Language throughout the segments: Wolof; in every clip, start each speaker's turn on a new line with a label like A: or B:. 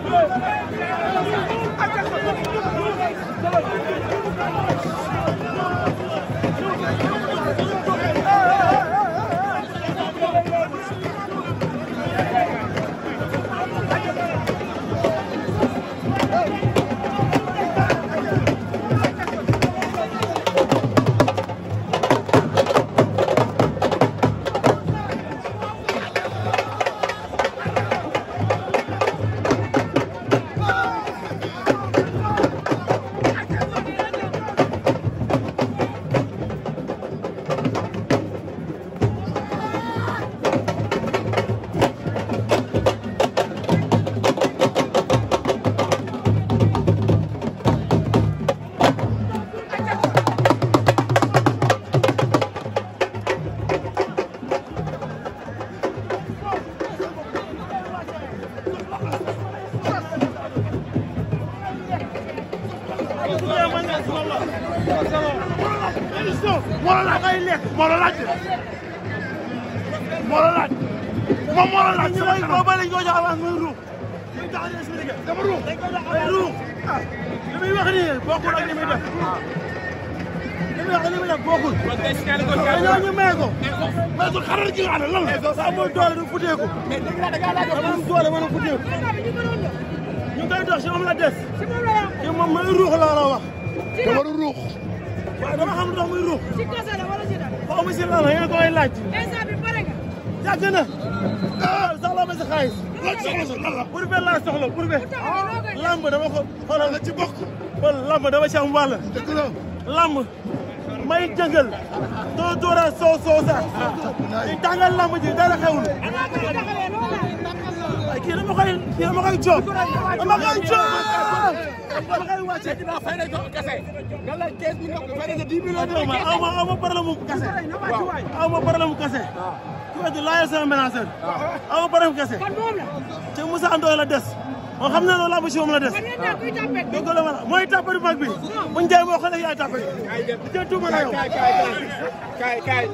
A: Thank you. moo la laaj ay lekk moo la laaj moo la laaj moom moo la laaj ñu lay boo bëri ñoo jox avance muy ruux ñu tax ñu expliqué dama ruux ay ruux li muy wax nii bokkul ak li muy def li muy wax li muy def bokkul dañoo ñu may ko mais su xaral gi nga xam ne lan la sa mooy doole du futeeku mais dama doole mën a futeeku ñu ngi koy dox si moom la des. si moom la yàqu te moom mooy ruux laa la wax. ci la dafa ruux. waaw dama xam ndox muy ruux. ci kose la wala ci dara. waaw monsieur Lalla ngeen koy laaj. instant bi pare nga. yàgg na. ah soxla ma si xaalis. laaj soxla sa lan la. Bourbe laa soxla Bourbe. Ah, lamb dama ko xoolal nga ci bokk. kon lamb dama si am wàll. dëgg la lamb. may jëngal doo door a soo soo sax. Ah, ah, di tàngal lamb ji dara xewul. kii dama koy kii dama koy jóg dama koy jóg dama koy wàcce dinaa fay nañ kase gala 15 millions fay ma aw ma mu kase kase ku wedd laayal la des moom xam naa ne làmb si moom la des. dëgg la ma la mooy tàppal bu mag bi buñ jaay moo xale yaay tàppal. di jël tuuma na yow. kaay kaay kaay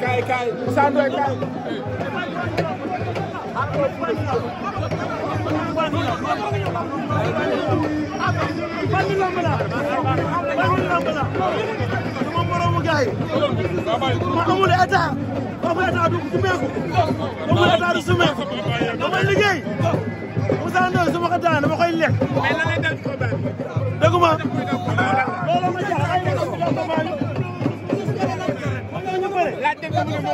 A: kaay kaay Sandro kaay. ban làmb la ban làmb la sama moromu gaay ma amul état waxu état du sumeeku amul état du sumeeku damay liggéey ko daanee dama koy lekk. mais lan lay dal ci combat bi. dëggu ma loolu ma jaaxal ay lekk ci combat bi. laajte ko mu ne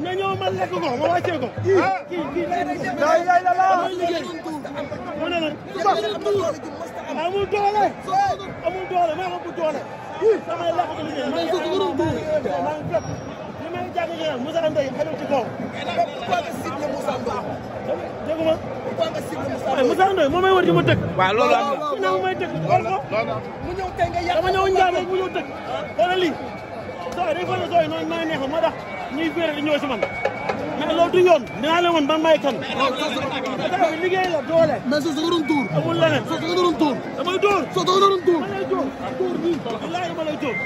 A: nga ñëw ma lekk ko ma wàccee ko. Ah. kii kii kii day day la laa mooy liggéey. mu ne la sos amul doole amul doole maa ko bu doole. damay lekk ko liggéey maa ngi maa ngi fépp li may jàng Moussa Ndoye xajul ci kaw. Moussa Ndoye moo may wër di ma tëgg. waaw loolu am may tëgg xool ko. mu ñëw tey nga yàq dama ñëw njaam rek mu ñëw tëgg. wala lii sooy day fay sooy noonu nooy neexoon moo tax ñuy féere di ñëw si man. mais loolu yoon dinaa leen woon ban may kan. liggéey la soo ko doon tuur. amul leneen soo ko doon tuur. damay tuur soo ko doon tuur. ma lay tuur